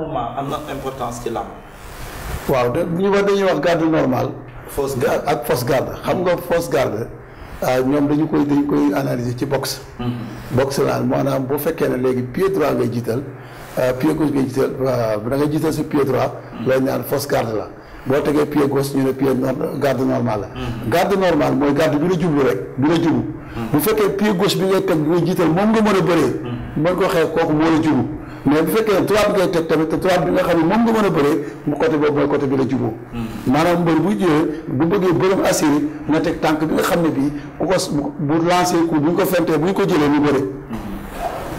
normal am na importance ci làmb. waaw de ñu wax dañuy wax garde normal. fausse garde xam nga fausse garde ah, ñoom dañu koy dañu koy analyser ci box boxe. Mm-hmm. boxe laal maanaam boo fekkee ne léegi pied droit ngay jiital ah, ah, pied droit. Mm-hmm. loolu naan fausse garde la. boo tegee pied gauche ñu ne pied garde normal la. Mm-hmm. garde normal mooy garde bi la jublu rek bi la jublu. bu fekkee pied gauche bi ngay teg bi nga jiital moom nga mën a bëree. mën ko xeex kooku moo la jublu. mais bu fekkee droite ngay teg tamit te droite bi nga xam ne moom nga mën a bëree mu côté boobu mooy côté bi la jubóo. Hmm. maanaam mbër bu ñëwee bu bëggee bërëm assuré nga teg tànk bi nga xam ne bii ku ko bu lancé coup bu ñu ko fentee bu ñu ko jëlee mu bëre. Hmm.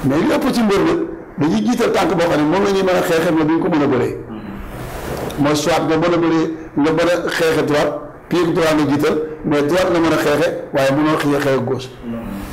mais li ëpp ci mbër nag dañuy jiital tànk boo xam ne moom la ñuy mën a xeexee mais duñ ko a bëree. Hmm. mooy soit nga mën a bëree nga mën a xeexe droite pied droit nga jiital mais droite nga mën a xeexe waaye mënoo xëy a xeex gauche.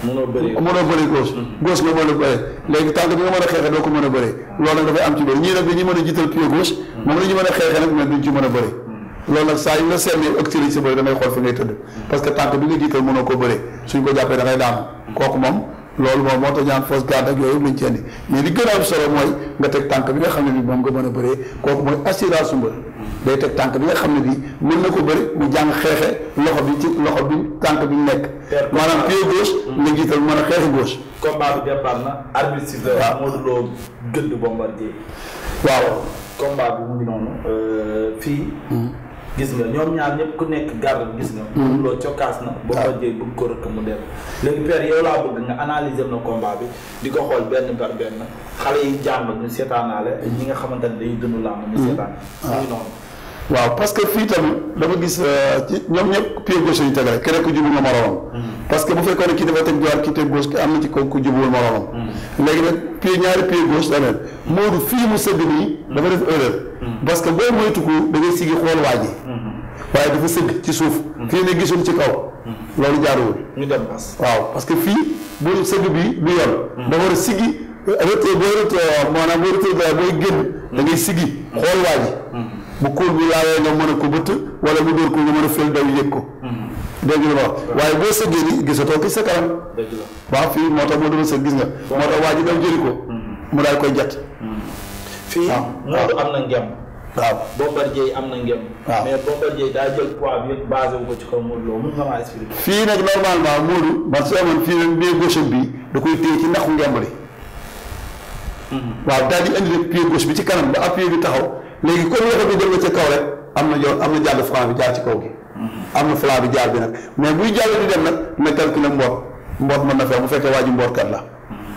mënoo bëri mënoo bëri mm-hmm. nga mën a bëri léegi tànk bi nga mën a xeexee doo ko mën a bëri loolu nag dafay am ci bëri ñii nag dañuy mën a jiital pied gauche mm-hmm. moom la ñu mën a xeexee nag mais duñ ci mën a bëri mm-hmm. loolu nag saa yu la seetlee ak ci sa bëri da xool fi ngay tëdd parce que tànk bi nga jiital mënoo ko bëri suñ ko jàppee da daanu kooku moom loolu moom moo tax ñaan fausse garde ak yooyu yëpp lañ ci indi mais li gën a am solo mooy nga teg tànk bi nga xam ne bi moom nga mën a bëree kooku mooy assurance su mbër tànk bi nga xam ne bi mën na ko bëri mu jàng xeexe loxo bi ci loxo bi tànk bi nekk maanaam pied gauche nga jiital mën a xeexe gauche combat bi départ na arbitre sifflé waaw Modou Lo gëdd Bombardier waaw combat bi mu noonu euh, fii hmm. gis nga ñoom ñaar ñëpp ku nekk garde gis nga. loolu mm-hmm. cokkaas na. waaw boo ko ah. jëlee bëgg ko rëkk mu dem. léegi père yow laa bëgg nga analyser na combat bi di ko xool benn par benn xale yi jàng ñu seetaanaale ñi nga xamante ne dañuy dund làmb ñu mm-hmm. seetaan. waaw ah. noonu. waaw parce que fii tamit dama gis euh, ci ñoom ñëpp pied gauche yi teg rek ku jubul nga moromam. Hmm. parce que bu fekkoon ne kii dafa teg droite am na ci ko ku jubul moromam. Hmm. léegi nag pied ñaari pied gauche da leen Modou fii mu sëgg nii. dafa def erreur. Hmm. parce que boo moytu ko da ngay xool waa ji. waaye dafa sëgg ci suuf. fii ne gisul ci kaw. loolu jaaruwul. ñu waaw parce que fii bu sëgg bi du yoon. da war a sigi rëtt boo rëtt maanaam boo rëtt booy génn. da ngay xool bu kóol bi laawee nga mën a ko bëtt wala mu dóor ko nga mën a fël daw yëg ko. waaye boo sëggee nii gisatoo ki sa kanam. dëgg la waaw fii moo tax moo doon sëgg gis nga. moo tax waa ji ko. Mm-hmm. mu daal koy mm-hmm. fii Modou am na ngem. waaw Bombardier am na ngem. waaw mais Bombardier daa jël poids bi yëpp ci kaw Modou Lo fii nag normalement Modou man soo amoon bi da koy téye ci ndaxu ngemb li. Mm-hmm. waaw daal di indi pied gauche bi ci kanam ba appui bi taxaw. léegi comme loxo bi dem na ca kaw rek am na yoon am na jàll franc bi jaar ci kaw gi. am na fla bi jaar bi nag mais buy jàll di dem nag na ne mboot mboot mën na fex bu fekkee waa ji mbootkat la.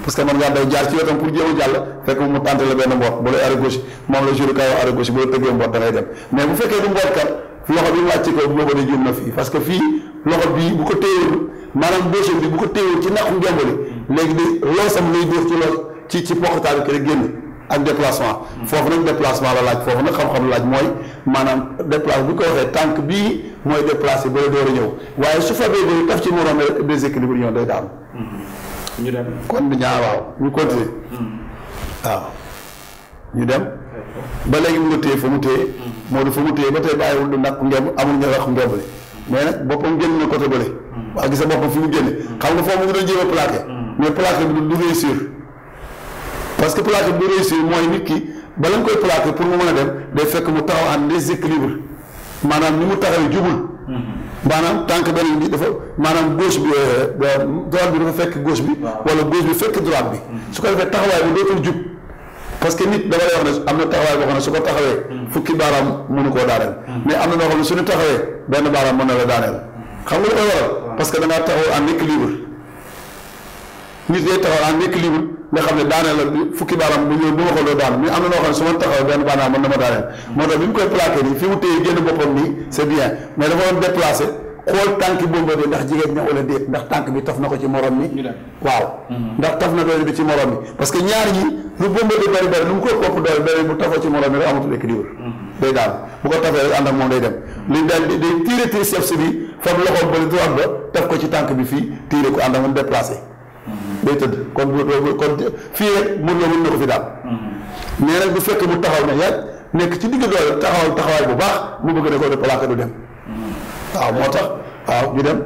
parce que man ngaa daw jaar ci wetam pour jéem a jàll fekk mu tenté benn mboot bu lay arrêt gauche moom la jur kaw arrêt gauche bu la tëggee mboot da ngay dem mais bu fekkee du mbootkat loxo bi mu wàcc ko booba day jëm na fii parce que fii loxo bii bu ko téyewul maanaam gauche bi bu ko téyewul ci naqu njambali léegi di loosam lay dóor ci ci ci poqataan bi génn ak déplacement. foofu nag déplacement la laaj foofu nag xam-xam la laaj mooy maanaam déplace bu ko waxee tànk bii mooy déplacé ba la a ñëw waaye su fekkee ba taf ci moroom rek déséquilibre ñoom day daanu. Mm-hmm. ñu dem kon ñaa waaw ñu continuer. Mm-hmm. waaw ñu dem. ba léegi mu nga téye fa mu téye. Mm-hmm. moo di fa mu téye ba tey bàyyiwul du nag ngemb amul ñu wax ngemb li mais boppam génn na côté bële. waa gis nga boppam fi mu génne. xam nga foofu mu ngi doon a plaqué. mais plaqué bi du réussir. parce que plaqué bu réussir mooy nit ki bala nga koy plaqué pour mu mën a dem day fekk mu taxaw en déséquilibre maanaam ni mu taxawee jubul. Mhm. maanaam tànk beneen bi dafa maanaam gauche bi euh, euh, droite bi dafa fekk gauche bi. wala gauche bi fekk droite bi. Mhm. su ko defee taxawaay bi dootul jub parce que nit dama lay wax ne am na taxawaay boo xam ne su ko taxawee. Mhm. fukki baaraam mënu koo daaneel. mais am na noo xam ne suñu taxawee benn baaraam mën na la daaneel. xam nga lu koy parce que da ngaa taxaw en nga xam ne daaneel la fukki baaraam bu ñëw bu ma ko doon daan mais am na noo xam ne su ma taxaw benn baaraam mën na ma daaneel moo tax bi ñu koy bi taf na ko ci morom mi mhm. na doole bi ci morom mi parce que ñaar ñi lu Bombardier bari bari lu mu ko ëpp doole beneen bu tafoo ci mhm. moom day day tiire tiir si bi fab loxoom ba droite ko ci tànk bi fii tiire ko ànd ak moom déplacé day tëdd kon kon fii rek na ko fi daal. mais rek bu fekkee mu taxaw na yàgg nekk ci digg doole taxawal taxawaay bu baax mu bëgg da koo def plaqué du dem. waaw moo tax waaw ñu dem.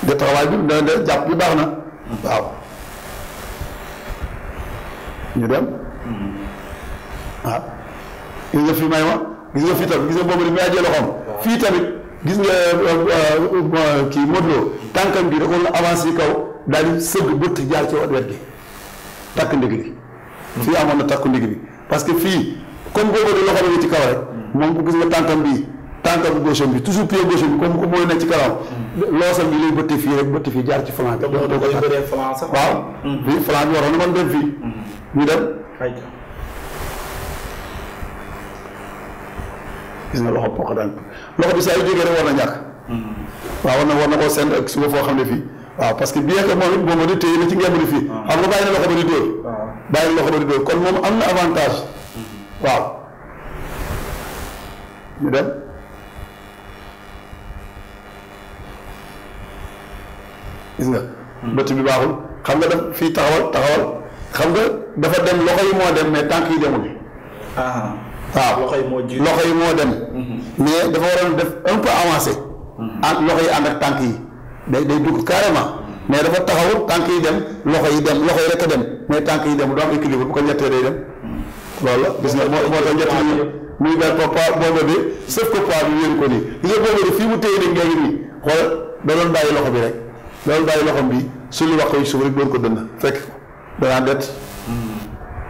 de bi da bi baax na dem. waaw gis nga fi may wax gis nga fi gis nga tamit gis nga euh, euh, euh, kii Modou Lo tànkam bi da ko avancé kaw. daal di sëgg bëtt jaar ci wet gi takk ndig li fii amoon na takk ndig li parce que fii comme boobu di ci kaw rek moom gis nga tànkam bi tànkam gauche bi toujours pied gauche bi comme mooy nekk ci kanam loosal bi jaar ci flanc bi doo ko takk waaw mm-hmm. fii flanc bi waroon na fii mm-hmm. ñu dem nga loxo poq daan loxo bi saa yu jógee rek war na ñàkk mm-hmm. waaw war na war na koo seen ak suba foo xam ne fii waaw parce que bien que moom it moom it téye na ci ngeen fii. Ah. xam nga bàyyi na loxo ba di dóor. Ah. bàyyi na loxo ba di dóor kon moom am na avantage. Mm-hmm. waaw ñu dem. is nga. mbëtt mm. bi baaxul xam nga daf fii taxawal taxawal xam nga dafa dem loxo yi moo dem mais tànk yi demul. Ah. waaw loxo yi moo ji loxo yi moo dem. Mm-hmm. mais dafa waroon def un peu avancé. ak mm-hmm. loxo yi ànd ak tànk yi. day day dugg carrément mais dafa taxawut tànk yi dem loxo yi dem loxo yi rek a dem mais tànk yi dem du am équilibre bu ko ñettee day dem loolu la gis nga moo moo tax ñett ñu muy ber ko bi sëf ko poids bi wéeru ko nii gis nga boobu bi fii mu téye ni léegi nii xool da bàyyi loxo bi rek da doon bàyyi loxom bi suñu wax ko suuf rek doon ko dënn fekk danaa det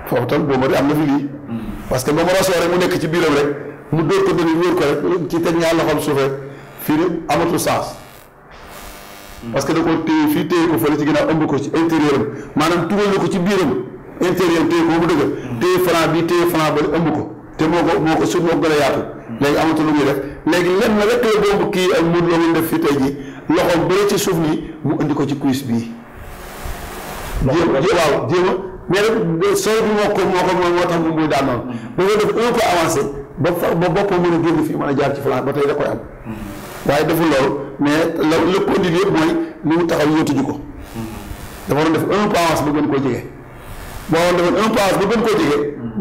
foofu tam boobu am na fi lii parce que ba mu rasoo rek mu nekk ci biiram rek mu dóor ko dënn wéer ko rek ci teg ñaar suuf rek fii amatul sens Mm. parce que na koo téye fii téye ko fële ci ginnaaw ëmb ko ci intérieur am maanaam tugal na ko ci biiram intérieur téye ko ba mu dëgg mm. téye franc bi téye franc ba ëmb ko te moo ko moo ko suuf moo ko gën a yaatu mm. léegi lenn rek la boobu kii ak muur la mun def fii tey ji loxo bëre ci suuf nii mu indi ko ci cuisse bii jéem waaw jéem a mais nag sooy moo ko moo ko tax mu muy daan noonu da def un avancé ba fa ba a génn fii mën a jaar ci flanc ba tey da koy am waaye deful loolu mais la le conduite yëpp mooy ni mu taxaw yóotuñu ko. dafa waroon def un pas ba gën koo jege. boo waroon defoon un pas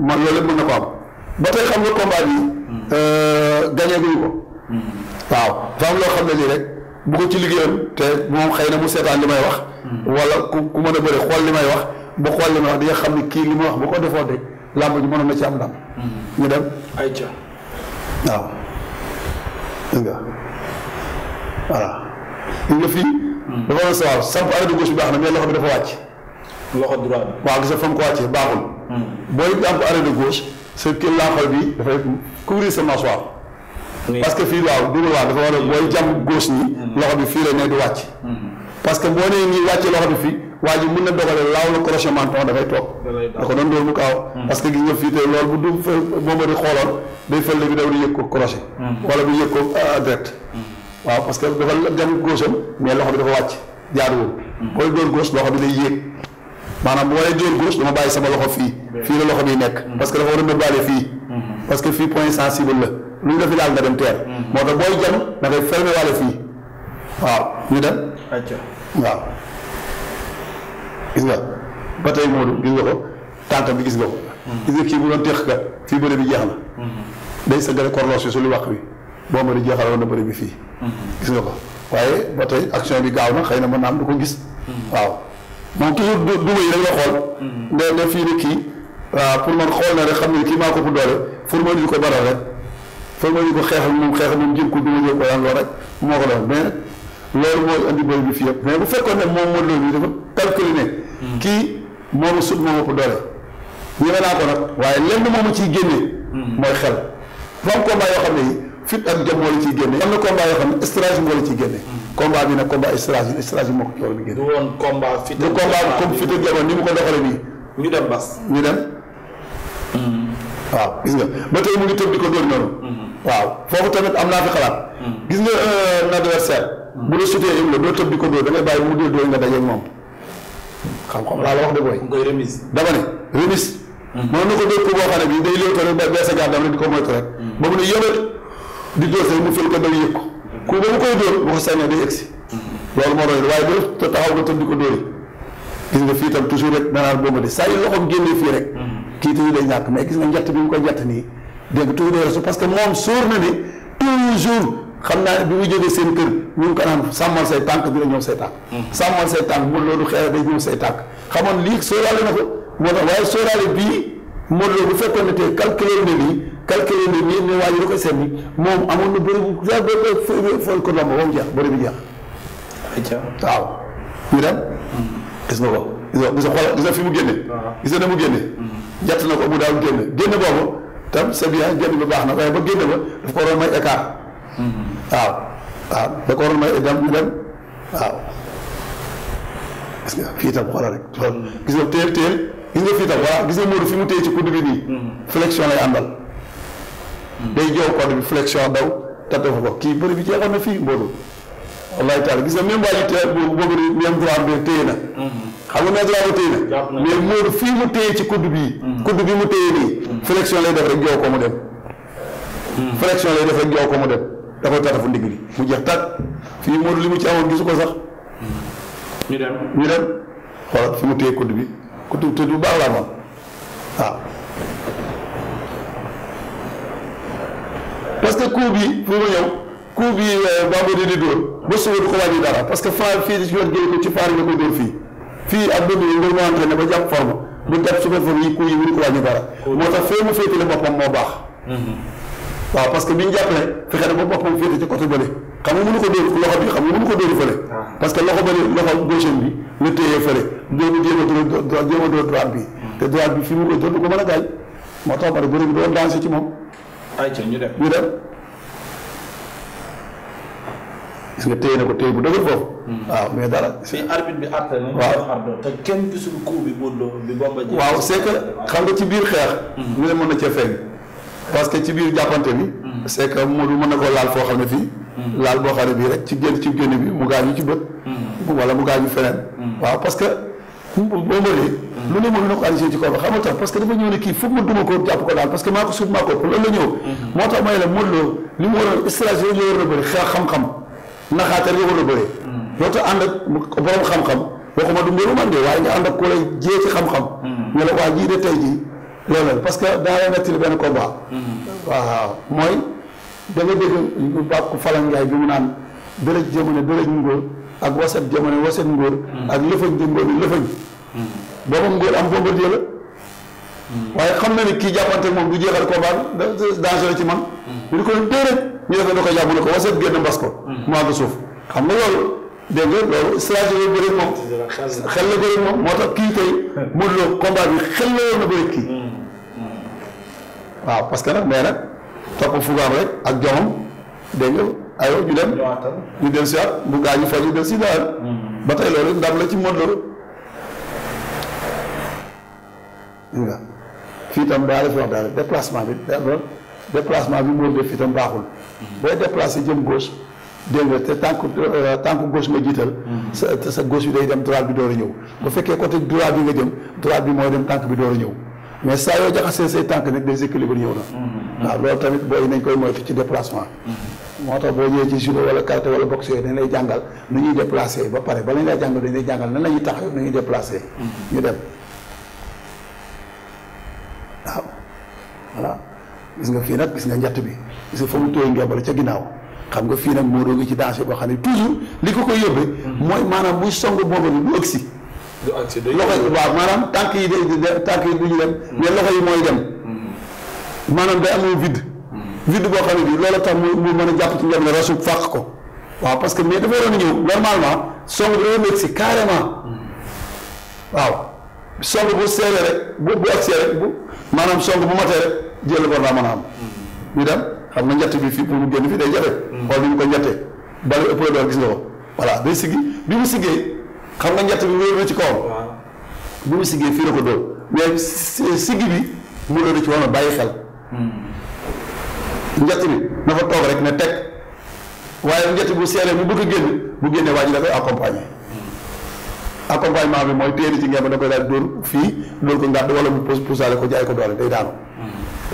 man loolu yëpp mën na ko am. ba tey xam nga combat bi. Euh, gagné guñu ko. waaw dafa loo xam ne lii rek bu ko ci liggéeyam te moom xëy na mu seetaan li may wax. wala ku ku mën a bëri xool li may wax ba xool li may wax di xam ne kii li ma wax bu ko defoon de làmb ji mënoon na ci am ndam. Mm-hmm. ñu dem. ayca waaw. voilà. ñu nga fii. dafa war a sawar samp arrêt de gauche bi baax na mais bi dafa wàcc. loxo droit bi waaw gis nga fa mu ko wàccee baaxul. Hmm. booy am arrêt de gauche sa kii laaxal bi dafay couvrir sa mâchoire. parce que fii waaw du waaw dafa war a booy jàmm gauche nii. Hmm. loxo bi fii la ne du wàcc. Hmm. parce que boo nee nii wàccee loxo bi fii waa ji mën na dogale laaw la crochet menton dafay toog. da ko doon dóor mu kaaw. parce que gis nga fii tey loolu bu du moom a di xooloon day fël bi daw di yëg ko crochet. wala bu waaw parce que dafa gam góosam mais loxo bi dafa wàcc jaaduwul. booy dóor góos loxo bi day yéeg maanaam bu ma lay dóor góos dama bàyyi sama loxo fii. fii la loxo bi nekk. parce que dafa war a nëbbaale fii. parce que fii point sensible la lu ñu def daal nga dem teer. moo tax booy jam da ngay fermer waale fii waaw ñu dem. waaw gis nga ba tey gis nga ko tànk bi gis nga ko. gis nga kii bu doon teex ka fii bëre bi jeex na. Mm-hmm. day sëggale korloos bi su lu wax boo ma di jeexal woon na bëri bi fii. Mhm. gis nga ko waaye ba tey action bi gaaw na xëy na mën naa am du ko gis. Mhm. waaw moom toujours du du yi rek la xool. Mhm. ndee ndee fii ni kii waaw pour man xool na rek xam ne kii maa ko ma ñu ko baral rek pour ma ñu ko xeexal moom xeexal moom jël ko du ma jël ko daan ko doon mais loolu mooy andi bëri bi fii yëpp mais bu fekkoon ne moom moo loolu dafa calculé ne. kii moomu sut naa ko nag waaye lenn moomu ciy génnee. mooy xel. dafa am combat yoo xam ne yi fit ak jom moo la ciy génne am na combat yoo xam ne stratégie moo la ciy génne combat bi nag combat stratégie stratégie moo ko ci war a génne du woon combat fit ak jom fit ak jom ni mu ko doxale nii ñu dem bas ñu dem waaw gis nga ba tey mu ngi tëb di ko dóor noonu mm-hmm. waaw foofu tamit am naa fi xalaat mm-hmm. gis nga un euh, adversaire mm-hmm. bu la sutee im la doo tëb di ko dóor da ngay bàyyi mu dóor dóor nga dajeeg moom xam-xam laa la wax de booy dama ne remise moom na ko dóor ko boo xam ne bii day léew tamit ba bees a gàddam rek di ko moytu rek ba mu ne yëmat di dóor sax mu fël ko daw yëg ko ku ba mu koy dóor boo ko sànnee day egsi loolu moo doon waaye bu def te taxaw nga tëdd ko dóori gis nga fii tam toujours rek maanaam boobu de saa yu loxoom génnee fii rek kii tamit day ñàkk mais gis bi mu xam naa bi mu jógee seen kër ñu ngi ko naan sàmmal say tànk dina ñëw say tànk sàmmal say tànk mu loolu xeer day ñëw say tànk xamoon lii sóoraale na ko waaye sóoraale bii Modou Lo bu fekkoon ne tey ne lii calculer ni nii ne waaye da ko seet bi moom amoon na bëri bu ja mu jeex bëri bi jeex. waaw ñu dem. gis nga ko gis nga fi mu génne. gis nga ne mu génne. Mm-hmm. jàtt na ko mu daal génn génne boobu tam c'est bien génn bi baax na waaye ba génne ba daf ko waroon may écart. Mm-hmm. waaw waaw da ko waroon may dem mu dem waaw. gis nga fii tam xoolal rek mm-hmm. gis nga teel teel gis nga fii tam voilà gis nga Modou fi mu téye ci kudd bi nii. flexion lay àndal. day joow code bi flexion daw tatafu ko kii bëri bi jeexoon na fii mboodu wallahi taala gis nga même waa ji tee boobu boobu même bi téye na mhm. xam nga même droit téye na mais fii mu téye ci kudd bii mhm. kudd bi mu téye nii mhm. flexion lay def rek joow ko mu dem flexion lay def rek joow ko mu dem da koy tatafu ndigg li mu jeex tàkk fii li mu ci amoon ko sax ñu dem ñu dem xoolal fi téye kudd bi kudd kudd bu baax la amoon ah. waaw parce que coup bi pour ma ñëw coup bi euh, Bambodi di dóor ba suba du ko wàññi dara parce que faar fii ci yoon génn ko ci faar nga koy dóor fii fii ak dund yi nga mu entraîné ba jàpp forme dara moo tax fee mu féetale boppam moo baax mm-hmm. waaw parce que bi ñu jàppale fexe ba boppam féete ci côté bële xam nga mënu ko dóor loxo bi xam nga mënu ko dóor fële ah. parce que loxo bële loxo gauche bi la téye fële doomu jéem a dóor a bi mm. te droite bi fi mu ko dóor du ko mën a gaañ moo ayca ñu dem ñu dem. nga téye na ko téye bu dëgër foofu. Hmm. waaw mais dara. si arbitre bi àtte na. waaw te kenn gisul coup bi Modou Lo bi waaw c'est que xam nga ci biir xeex. lu hmm. ne mën na cee feeñ. parce que ci biir jàppante bi. Hmm. c'est que Modou mën na koo laal foo xam ne fii. laal boo xam ne bii rek ci génn ci génn bi mu gaañu ci bët. wala mu gaañu feneen. waaw parce boo bëree. lu ne mën na ko ci kaw xamal tax parce que dafa ñëw ne kii foog ma duma ko jàpp ko daal parce que maa ko suuf maa ko ëpp loolu la ñëw. moo tax may la Modou Lo li a bëri xeex xam-xam naxaate la war tax ànd ak borom xam man de waaye nga ànd ak ku lay xam-xam. nga la waa jii de tey jii loolu la parce que daa la nettali benn combat. waaw mooy da nga dégg bàkku Falan Njaay bi mu naan dërëj jëmu ne dërëj ngóor. ak wasat jamono wasat ngóor hmm. ak lëfañ di ngóor lëfañ hmm. boobam ngóor am bombardier la hmm. waaye xam na ni kii jàppante moom du jeexal combat danger la ci man ñu di ko déedéet ñu defe da ko jàpp ne ko wasat nga loolu moom xel la bëri moom moo tax kii tey Modou Lo combat bi xel la woon na bëri kii waaw parce que nag mais topp fugaam rek ak jomam dégg aywa ñu dem ñu dem si at bu gaañu fa ñu dem si daan hmm. ba tey loolu ndam la ci Modou Lo waaw fii tam daa la fi wax daal déplacement bi daa doon déplacement fii itam baaxul. Hmm. booy déplacé jëm gauche dégg nga te tànk euh, tànku gauche nga jiital. Hmm. sa te sa gauche bi day dem droite bi door a ñëw. bu fekkee côté droite bi nga jëm droite bi mooy dem tànk bi doo a ñëw mais saa yoo jaxasee say tànk nag déséquilibre ñëw na. waaw loolu tamit booy nañ koy moytu ci déplacement. moo tax boo ñëwee ci judo wala karaté wala boxe yooyu dañ lay jàngal nu ñuy déplacé ba pare ba lañ lay jàngal dañ lay jàngal nan la ñuy taxaw nu ñuy déplacé. ñu dem waaw voilà gis nga fii nag gis nga njatt bi gis nga fa mu tooy njombal ca ginnaaw xam nga fii nag moo doogi ci danger boo xam ne toujours li ko koy yóbbee. mooy maanaam buy song boobu bi du ëgsi. du ëgsi day maanaam tànk yi day tànk yi du ñu dem. mais loxo yi mooy dem. Mm-hmm. maanaam day amul vide. vide boo xam ne bi loolu tax mu mën a jàpp ci njab ne fàq ko waaw parce que mais dafa waroon a ñëw normalement song dafa nekk si carrément waaw song bu seere rek bu maanaam song bu matee rek jël ko daa xam na njett bi fii pour mu génn ko njettee bali ëpp bi mu siggee xam nga njett bi wéeru na bi mu siggee fii la ko dóor mais siggi bi mu la ci woon a bàyyi xel njëtt bi na fa toog rek ne teg waaye njëtt bu seeree mu bëgg a génn bu génnee waa ji dafay accompagner accompagnement bi mooy téeri ci ngeen da koy daal dóor fii dóor wala mu pousse poussaale ko jaay ko doole day daanu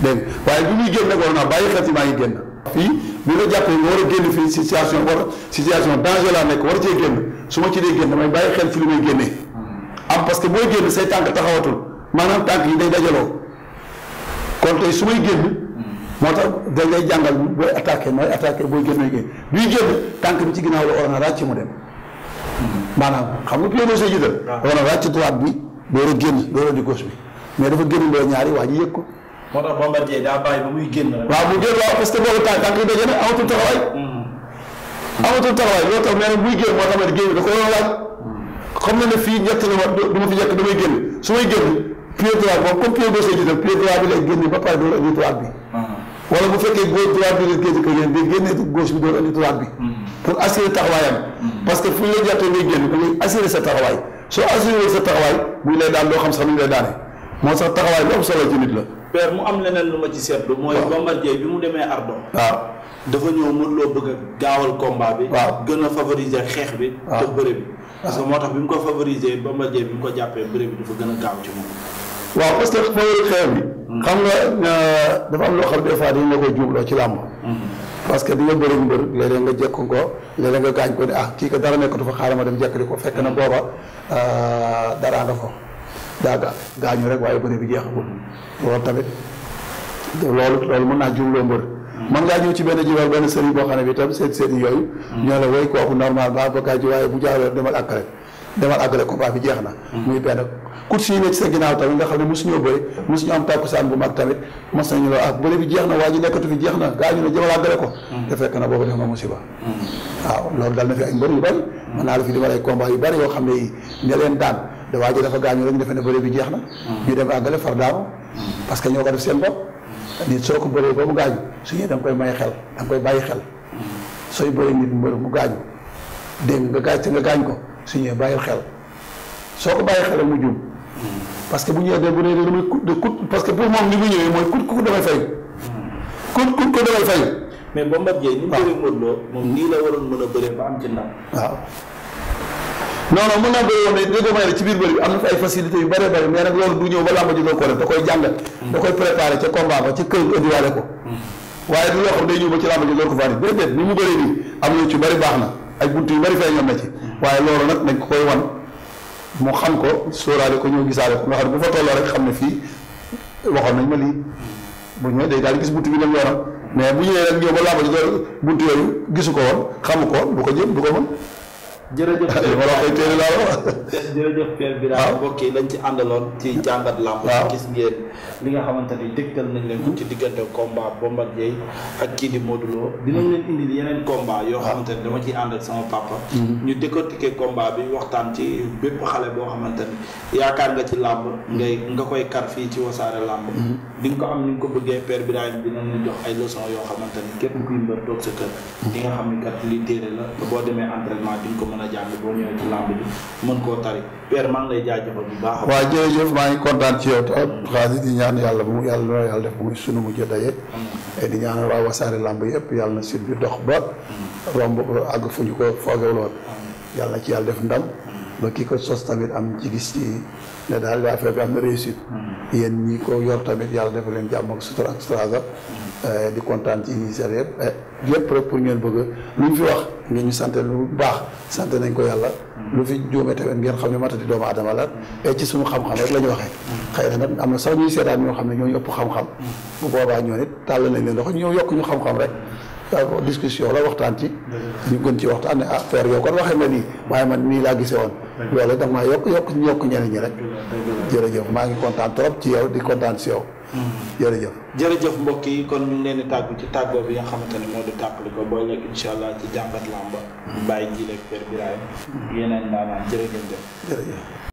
dégg waaye bi muy génn nag war naa bàyyi xel ci maa ngi génn fii bi nga jàpp nga war a génn fii situation war situation danger laa nekk war cee génn su ma ci dee génn damay bàyyi xel fi lu may génnee am parce que booy génn say tànk taxawatul maanaam tànk yi day dajaloo kon tey su may génn moo tax dañ lay jàngal booy attaqué nooy booy génn génn buy génn tànk bi ci ginnaaw la na ràcc mu dem maanaam xam mu pied gauche jiital war na bi door a génn door mais dafa génn ndoo ñaari waa ji ko moo tax Bombardier daa bàyyi ba muy waaw mu génn waaw que boobu tànk tànk yi daje na amatul taxawaay hmm. amatul taxawaay na moo tax ma génn da ko war a laaj xam na ne fii ñett la ma du ma fi yekk génn su may génn pied droit boobu comme pied gauche jiital pied droit bi lay génn ba pare door a indi droite bi wala bu fekkee góor droite bi leen génn kër yéen door andi droite bi. Mm-hmm. pour assurer taxawaayam. Mm-hmm. parce que fu ñu la jàppee ngay génn da ngay sa taxawaay soo assurer sa taxawaay bu ñu lay daan doo xam sax nu ñu lay daane moo sax taxawaay lu am solo ci nit la. père mu am leneen lu ma ci seetlu. mooy Bombardier bi mu demee Ardo. waaw dafa ñëw mën loo bëgg a gaawal combat bi. waaw gën a favoriser xeex bi. waaw te bi. parce que moo tax bi mu ko favoriser Bombardier bi mu ko jàppee bëre bi dafa gën a gaaw ci moom. bi xam nga euh, dafa am loo xam des fois koy juumloo ci làmb parce que di nga bëri mbër léeg-léeg nga jekku ko léeg-léeg nga gaañ ko ne ah kii ko dara nekkatu fa xaaral ma dem jekkali ko fekk na mm-hmm. booba euh, daraa nga fa daa gaañu rek waaye bëri bi jeexagul loolu loolu loolu mën naa juumloo mbër man mm-hmm. ngaa ñëw ci benn jiwal benn sëriñ boo xam ne bi tam seet seet yooyu mm-hmm. ñoo la bu jaawee demal ak rek demal àggale ko baa fi jeex na. muy benn course yi ne ci sa ginnaaw tamit nga xam ne mosuñoo bëri mosuñu am takkusaan bu mag tamit mos nañu la ak bëri bi jeex na waa ji jeex na gaa ñu ko. Mm. te fekk na boobu def nga musiba. Mm. waaw loolu dal na mm. naa fi di yu bëri yoo xam ne leen daan da waa ji dafa gaañu rek ñu defee ne bëri bi na. dem àggale far daanu. parce ñoo ko def seen bopp. soo ko bëree ba mu gaañu su ñëwee da nga koy may xel da koy bàyyi xel sooy bëri nit mbër mu gaañu dégg nga gaañ nga gaañ ko su ñëwee bàyyil xel soo ko bàyyi xel mu jum parce que bu ñëwee de bu dee damay kut de kut parce que pour moom li mu ñëwee mooy ko damay fay. kut kut ko damay fay. mais Bombardier ni mu bëree nii la waroon a bëree ba am ci ndam. waaw non non mën naa bëri woon mais déggoo may ci biir bëri bi am na ay facilité yu bëree bëri mais loolu du ñëw ba làmb ji ko def da koy jàngat. da koy ko. Hmm. waaye du loo xam day ñëw ci làmb ji doon mu bëree nii am ci bëri baax na ay bunt yu bari feeñoon na ci waaye loolu nag dañ ko koy wan mu xam ko sóoraale ko ñëw gisaale ko nga xam ne bu fa tolloo rek xam ne fii waxoon nañ ma lii bu ñëwee day daal gis bunt bi lam yoram mais bu ñëwee rek ñëw ba làmba ci doon bunt yooyu gisu ko woon xamu ko woon ko jëm du ko mën jërëjëf jërëjëf Père Birahim mbokk yi lañ ci àndaloon ci jàngat làmb gis ngeen li nga xamante ni dégtal nañ leen ko ci diggante combat Bombardier ak kii di Modou Lo dinañ leen indi yeneen combat yoo xamante ni dama ciy ànd ak sama papa mm-hmm. ñu décortiquer combat bi waxtaan ci bépp xale boo xamante ni yaakaar nga ci làmb mm-hmm. ngay nga koy kar fii ci wasaare làmb bi mm-hmm. nga ko am ñu ngi ko bëggee Père Birahim dinañ leen jox ay leçon yoo xamante ni képp kuy mbër toog sa kër di nga xam ni kat boo demee entraînement di nga ko mën mën a jàng boo ñëwee làmb bi mën koo tari père maa ngi lay jaajëfal bu baax. waaw jërëjëf maa ngi kontaan ci yow taat xaalis di ñaan yàlla bu yàlla na yàlla def muy sunu mujj daje. di ñaan waa wasaare làmb yëpp yàlla na sud bi dox ba. romb àgg fu ñu ko foogewuloon. yàlla ci yàlla def ndam. ba ki ko sos tamit am ci gis ci ne daal yaa fexe am na réussite. Hmm. yéen ko yor tamit yàlla dafa leen jàmm ak sutura ak straza hmm. eh, di kontaan ci initiative yëpp eh, yëpp rek pour ngeen bëgg ñu fi wax ngeen ñu sant lu baax sant nañ ko yàlla. Hmm. lu fi jóome tamit ngeen xam ne matati doomu adama la. et eh, suñu xam-xam rek la ñu waxee. xëy na am na sax ñoo xam ne ñoo ñu xam-xam. bu boobaa ñoo nit tàll nañ leen loxo ñoo yokk ñu xam-xam rek. discussion la waxtaan ci. ñu gën ci waxtaan ne ah père yow kon waxee na nii waaye man nii laa gisee woon. loolu danga maa yokk yokk yokk ñeneen ñi rek jërëjëf maa ngi kontaan trop ci yow di kontaan si yow hmm. jërëjëf jërëjëf mbokk yi kon ñu ngi leen di tàggu ci tàggoo bi nga xamante ne moo di tàppali ko booy lekk incha allah ci jàmbat lamba hmm. bàyyi ji lekk Père Birahim hmm. yeneen daanaan jërëjëf jërëjëf